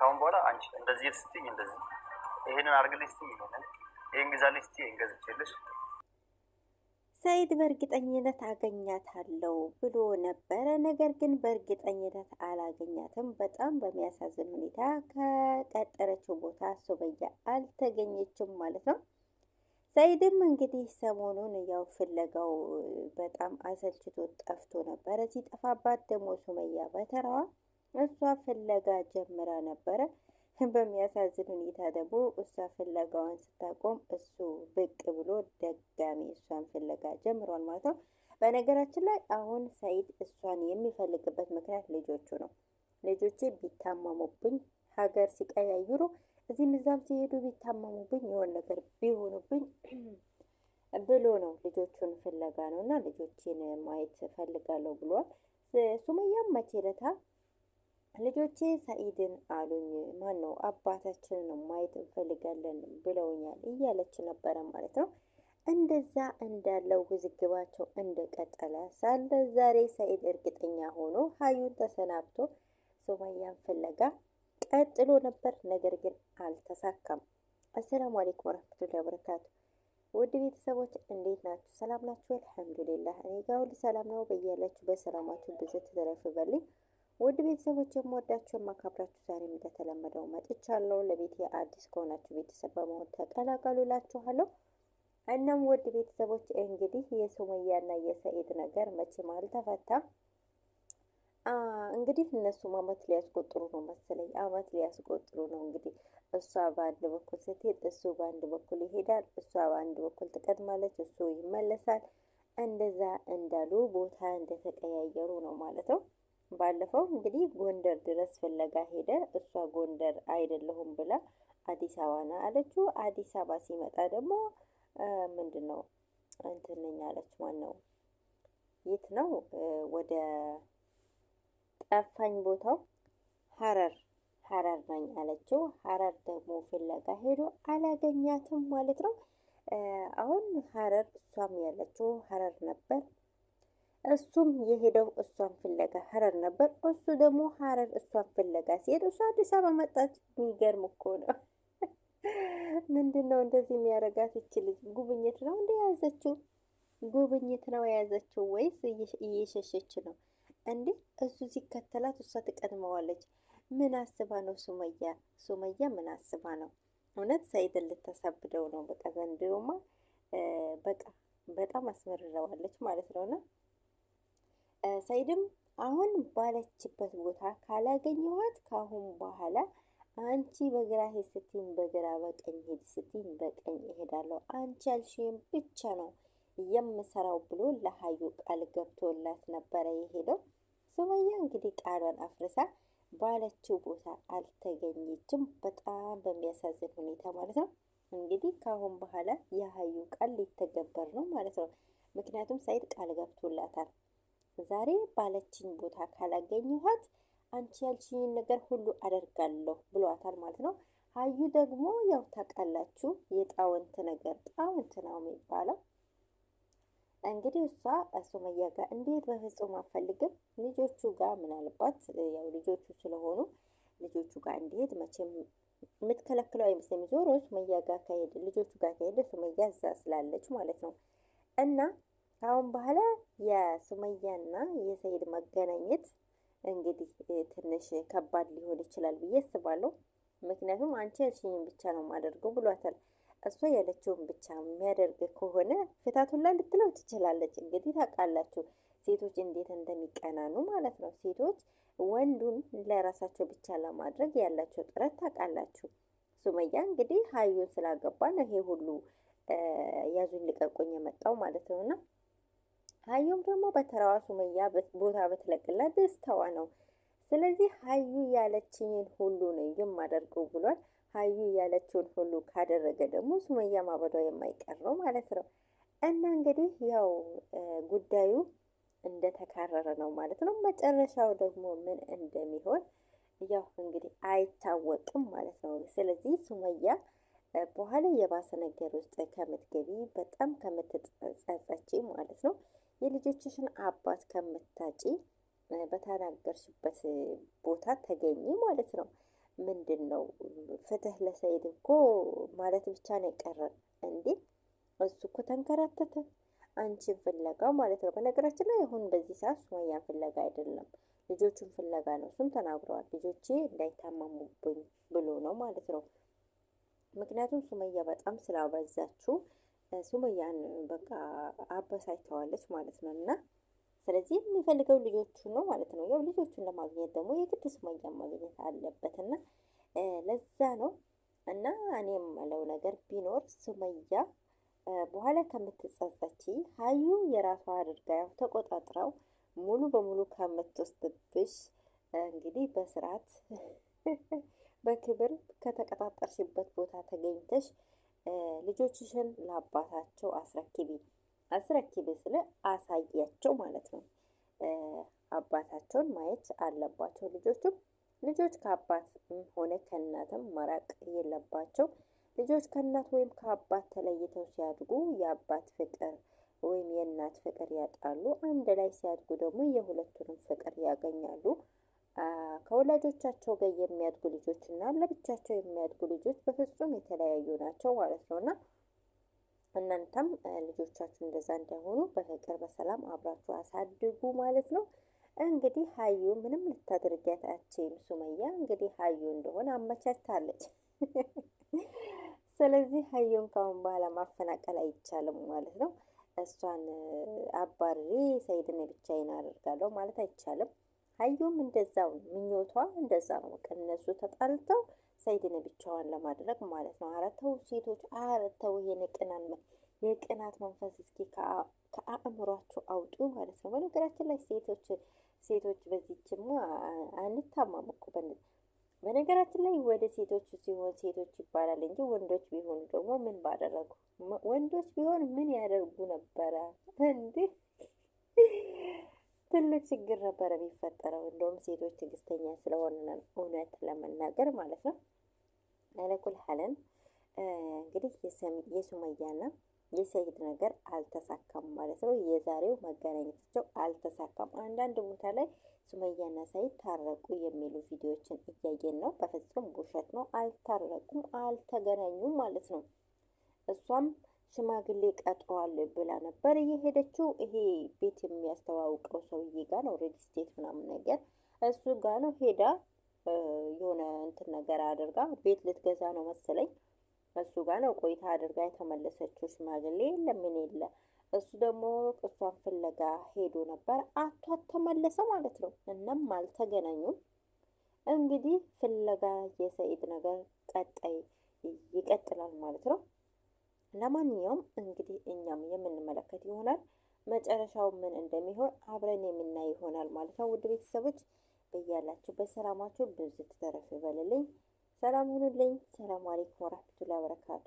ካሁን በኋላ አንቺ እንደዚህ ስትይኝ እንደዚህ ይሄንን አርግልኝ ስትይኝ ይሄንን ይህን ግዛልኝ ስትይኝ ይሄን ገዝቼልሽ ሰይድ በእርግጠኝነት አገኛታለሁ ብሎ ነበረ። ነገር ግን በእርግጠኝነት አላገኛትም። በጣም በሚያሳዝን ሁኔታ ከቀጠረችው ቦታ ሱመያ አልተገኘችም ማለት ነው። ሰይድም እንግዲህ ሰሞኑን ያው ፍለጋው በጣም አሰልችቶ ጠፍቶ ነበረ። ሲጠፋባት ደግሞ ሱመያ በተራዋ እሷ ፍለጋ ጀምራ ነበረ። በሚያሳዝን ሁኔታ ደግሞ እሷ ፍለጋዋን ስታቆም እሱ ብቅ ብሎ ደጋሚ እሷን ፍለጋ ጀምሯል ማለት ነው። በነገራችን ላይ አሁን ሰይድ እሷን የሚፈልግበት ምክንያት ልጆቹ ነው። ልጆቼ ቢታመሙብኝ፣ ሀገር ሲቀያይሩ፣ እዚህም እዛም ሲሄዱ ቢታመሙብኝ፣ የሆን ነገር ቢሆኑብኝ ብሎ ነው ልጆቹን ፍለጋ ነው እና ልጆችን ማየት እፈልጋለሁ ብሏል። ሱመያም መቼ ለታ ልጆቼ ሰኢድን አሉኝ። ማን ነው አባታችንን ማየት እንፈልጋለን ብለውኛል እያለች ነበረ ማለት ነው። እንደዛ እንዳለው ውዝግባቸው እንደቀጠለ ሳለ ዛሬ ሰኢድ እርግጠኛ ሆኖ ሀዩን ተሰናብቶ ሱመያን ፍለጋ ቀጥሎ ነበር። ነገር ግን አልተሳካም። አሰላሙ አሌይኩም ወረህመቱላሂ ወበረካቱ። ውድ ቤተሰቦች እንዴት ናችሁ? ሰላም ናችሁ? አልሐምዱሊላህ እኔ ጋር ሁሉ ሰላም ነው። በያላችሁ በሰላማችሁ ብዙ ትረፍ በልኝ ውድ ቤተሰቦች የምወዳችሁ የማካብራችሁ ዛሬም እንደተለመደው መጥቻለሁ። ለቤት አዲስ ከሆናችሁ ቤተሰብ በመሆን ተቀላቀሉ እላችኋለሁ። እናም ውድ ቤተሰቦች እንግዲህ እና የሰኢድ ነገር መቼም አልተፈታም። እንግዲህ እነሱም አመት ሊያስቆጥሩ ነው መሰለኝ፣ አመት ሊያስቆጥሩ ነው እንግዲህ። እሷ በአንድ በኩል ስትሄድ እሱ በአንድ በኩል ይሄዳል። እሷ በአንድ በኩል ትቀድማለች፣ እሱ ይመለሳል። እንደዛ እንዳሉ ቦታ እንደተቀያየሩ ነው ማለት ነው። ባለፈው እንግዲህ ጎንደር ድረስ ፍለጋ ሄደ። እሷ ጎንደር አይደለሁም ብላ አዲስ አበባ ና አለችው። አዲስ አበባ ሲመጣ ደግሞ ምንድን ነው እንትንኝ አለች። ማን ነው የት ነው ወደ ጠፋኝ ቦታው ሀረር ሀረር ነኝ አለችው። ሀረር ደግሞ ፍለጋ ሄዶ አላገኛትም ማለት ነው። አሁን ሀረር እሷም ያለችው ሀረር ነበር። እሱም የሄደው እሷን ፍለጋ ሀረር ነበር። እሱ ደግሞ ሀረር እሷን ፍለጋ ሲሄድ እሷ አዲስ አበባ መጣች። የሚገርም እኮ ነው። ምንድን ነው እንደዚህ የሚያደርጋት ይች ልጅ? ጉብኝት ነው እንደ የያዘችው ጉብኝት ነው የያዘችው ወይስ እየሸሸች ነው እንዴ? እሱ ሲከተላት እሷ ትቀድመዋለች። ምን አስባ ነው ሱመያ? ሱመያ ምን አስባ ነው? እውነት ሰኢድን ልታሳብደው ነው። በቃ ዘንድሮማ በቃ በጣም አስመርረዋለች ማለት ነው ነው ሳይድም አሁን ባለችበት ቦታ ካላገኘኋት ካሁን በኋላ አንቺ በግራ ሄድ ስትኝ በግራ በቀኝ ሄድ ስትኝ በቀኝ እሄዳለሁ፣ አንቺ ያልሽን ብቻ ነው የምሰራው ብሎ ለሀዩ ቃል ገብቶላት ነበረ የሄደው። ሱመያ እንግዲህ ቃሏን አፍርሳ ባለችው ቦታ አልተገኘችም። በጣም በሚያሳዝን ሁኔታ ማለት ነው። እንግዲህ ካሁን በኋላ የሀዩ ቃል ሊተገበር ነው ማለት ነው። ምክንያቱም ሳይድ ቃል ገብቶላታል። ዛሬ ባለችኝ ቦታ ካላገኘኋት አንቺ ያልችኝን ነገር ሁሉ አደርጋለሁ ብሏታል ማለት ነው። ሀዩ ደግሞ ያው ታውቃላችሁ የጣውንት ነገር ጣውንት ነው የሚባለው። እንግዲህ እሷ ሱመያ ጋር እንዴት በፍጹም አፈልግም ልጆቹ ጋር ምናልባት ያው ልጆቹ ስለሆኑ ልጆቹ ጋር እንዲሄድ መቼም የምትከለክለው አይመስለኝም። ዞሮ ሱመያ ጋር ከሄደ ልጆቹ ጋር ከሄደ ሱመያ እዛ ስላለች ማለት ነው እና ከአሁን በኋላ የሱመያና የሰይድ መገናኘት እንግዲህ ትንሽ ከባድ ሊሆን ይችላል ብዬ አስባለሁ። ምክንያቱም አንቺ ያልሽኝን ብቻ ነው ማደርገው ብሏታል። እሷ ያለችውን ብቻ የሚያደርግ ከሆነ ፍታቱን ላይ ልትለው ትችላለች። እንግዲህ ታውቃላችሁ ሴቶች እንዴት እንደሚቀናኑ ማለት ነው። ሴቶች ወንዱን ለራሳቸው ብቻ ለማድረግ ያላቸው ጥረት ታውቃላችሁ። ሱመያ እንግዲህ ሀዩን ስላገባ ነው ይሄ ሁሉ ያዙን ልቀቁኝ የመጣው ማለት ነውና ሀዩም ደግሞ በተራዋ ሱመያ ቦታ ብትለቅላት ደስታዋ ነው። ስለዚህ ሀዩ ያለችኝን ሁሉ ነው የማደርገው ብሏል። ሀዩ ያለችውን ሁሉ ካደረገ ደግሞ ሱመያ ማበዷ የማይቀር ነው ማለት ነው። እና እንግዲህ ያው ጉዳዩ እንደተካረረ ነው ማለት ነው። መጨረሻው ደግሞ ምን እንደሚሆን ያው እንግዲህ አይታወቅም ማለት ነው። ስለዚህ ሱመያ በኋላ የባሰ ነገር ውስጥ ከምትገቢ በጣም ከምትጸጸች ማለት ነው የልጆችሽን አባት ከምታጪ በተናገርሽበት ቦታ ተገኝ ማለት ነው። ምንድን ነው ፍትህ ለሰይድ እኮ ማለት ብቻ ነው የቀረን እንዴ? እሱ እኮ ተንከራተተ አንቺን ፍለጋ ማለት ነው። በነገራችን ላይ አሁን በዚህ ሰዓት ሱመያን ፍለጋ አይደለም ልጆቹን ፍለጋ ነው። እሱም ተናግረዋል። ልጆቼ እንዳይታመሙብኝ ብሎ ነው ማለት ነው። ምክንያቱም ሱመያ በጣም ስላበዛችሁ ሱመያን በቃ አበሳጭተዋለች ማለት ነው። እና ስለዚህ የሚፈልገው ልጆቹን ነው ማለት ነው። ያው ልጆቹን ለማግኘት ደግሞ የግድ ሱመያን ማግኘት አለበት እና ለዛ ነው እና እኔ የምለው ነገር ቢኖር ሱመያ በኋላ ከምትጸጸች ሀዩ የራሷ አድርጋ ያው ተቆጣጥራው ሙሉ በሙሉ ከምትወስድብሽ እንግዲህ በስርዓት በክብር ከተቀጣጠርሽበት ቦታ ተገኝተሽ ልጆችሽን ለአባታቸው አስረክቢ አስረክቢ ስለ አሳያቸው ማለት ነው። አባታቸውን ማየት አለባቸው ልጆቹም። ልጆች ከአባት ሆነ ከእናትም መራቅ የለባቸው። ልጆች ከእናት ወይም ከአባት ተለይተው ሲያድጉ የአባት ፍቅር ወይም የእናት ፍቅር ያጣሉ። አንድ ላይ ሲያድጉ ደግሞ የሁለቱንም ፍቅር ያገኛሉ። ከወላጆቻቸው ጋር የሚያድጉ ልጆች እና ለብቻቸው የሚያድጉ ልጆች በፍጹም የተለያዩ ናቸው ማለት ነው እና እናንተም ልጆቻችሁ እንደዛ እንዳይሆኑ በፍቅር በሰላም አብራችሁ አሳድጉ ማለት ነው። እንግዲህ ሀዩ ምንም ልታደርጊያት አትችይም። ሱመያ እንግዲህ ሀዩ እንደሆነ አመቻችታለች። ስለዚህ ሀዩን ካሁን በኋላ ማፈናቀል አይቻልም ማለት ነው። እሷን አባሪ ሰይድን ብቻዬን አደርጋለሁ ማለት አይቻልም። ሀዩም እንደዛው ምኞቷ እንደዛ ነው። እነሱ ተጣልተው ሰይድን ብቻዋን ለማድረግ ማለት ነው። አረተው ሴቶች አረተው የቅናን የቅናት መንፈስ እስኪ ከአእምሯቸው አውጡ ማለት ነው። በነገራችን ላይ ሴቶች ሴቶች በዚችማ አንታማም እኮ በነገራችን ላይ ወደ ሴቶች ሲሆን ሴቶች ይባላል እንጂ ወንዶች ቢሆኑ ደግሞ ምን ባደረጉ። ወንዶች ቢሆን ምን ያደርጉ ነበረ እንዲህ ትልቅ ችግር ነበረ የሚፈጠረው። እንደውም ሴቶች ትዕግስተኛ ስለሆነ እውነት ለመናገር ማለት ነው። አለኩል ሀለን እንግዲህ የሱመያና የሰይድ ነገር አልተሳካም ማለት ነው። የዛሬው መገናኘታቸው አልተሳካም። አንዳንድ ቦታ ላይ ሱመያና ሰይድ ታረቁ የሚሉ ቪዲዮዎችን እያየን ነው። በፍጹም ውሸት ነው። አልታረቁም፣ አልተገናኙም ማለት ነው እሷም ሽማግሌ ቀጥሯል ብላ ነበር እየሄደችው። ይሄ ቤት የሚያስተዋውቀው ሰውዬ ጋር ነው፣ ሬድ ስቴት ምናምን ነገር እሱ ጋ ነው ሄዳ የሆነ እንትን ነገር አድርጋ ቤት ልትገዛ ነው መሰለኝ። እሱ ጋ ነው ቆይታ አድርጋ የተመለሰችው። ሽማግሌ ለምን የለ። እሱ ደግሞ እሷን ፍለጋ ሄዶ ነበር አቶ ተመለሰ ማለት ነው። እናም አልተገናኙም። እንግዲህ ፍለጋ የሰኢድ ነገር ቀጣይ ይቀጥላል ማለት ነው። ለማንኛውም እንግዲህ እኛም የምንመለከት ይሆናል። መጨረሻው ምን እንደሚሆን አብረን የምናይ ይሆናል ማለት ነው። ውድ ቤተሰቦች በያላችሁ በሰላማችሁ ብዙ ትተረፍ ይበልልኝ። ሰላም ሁኑልኝ። ሰላም አለይኩም ወራህመቱላሂ ወበረካቱ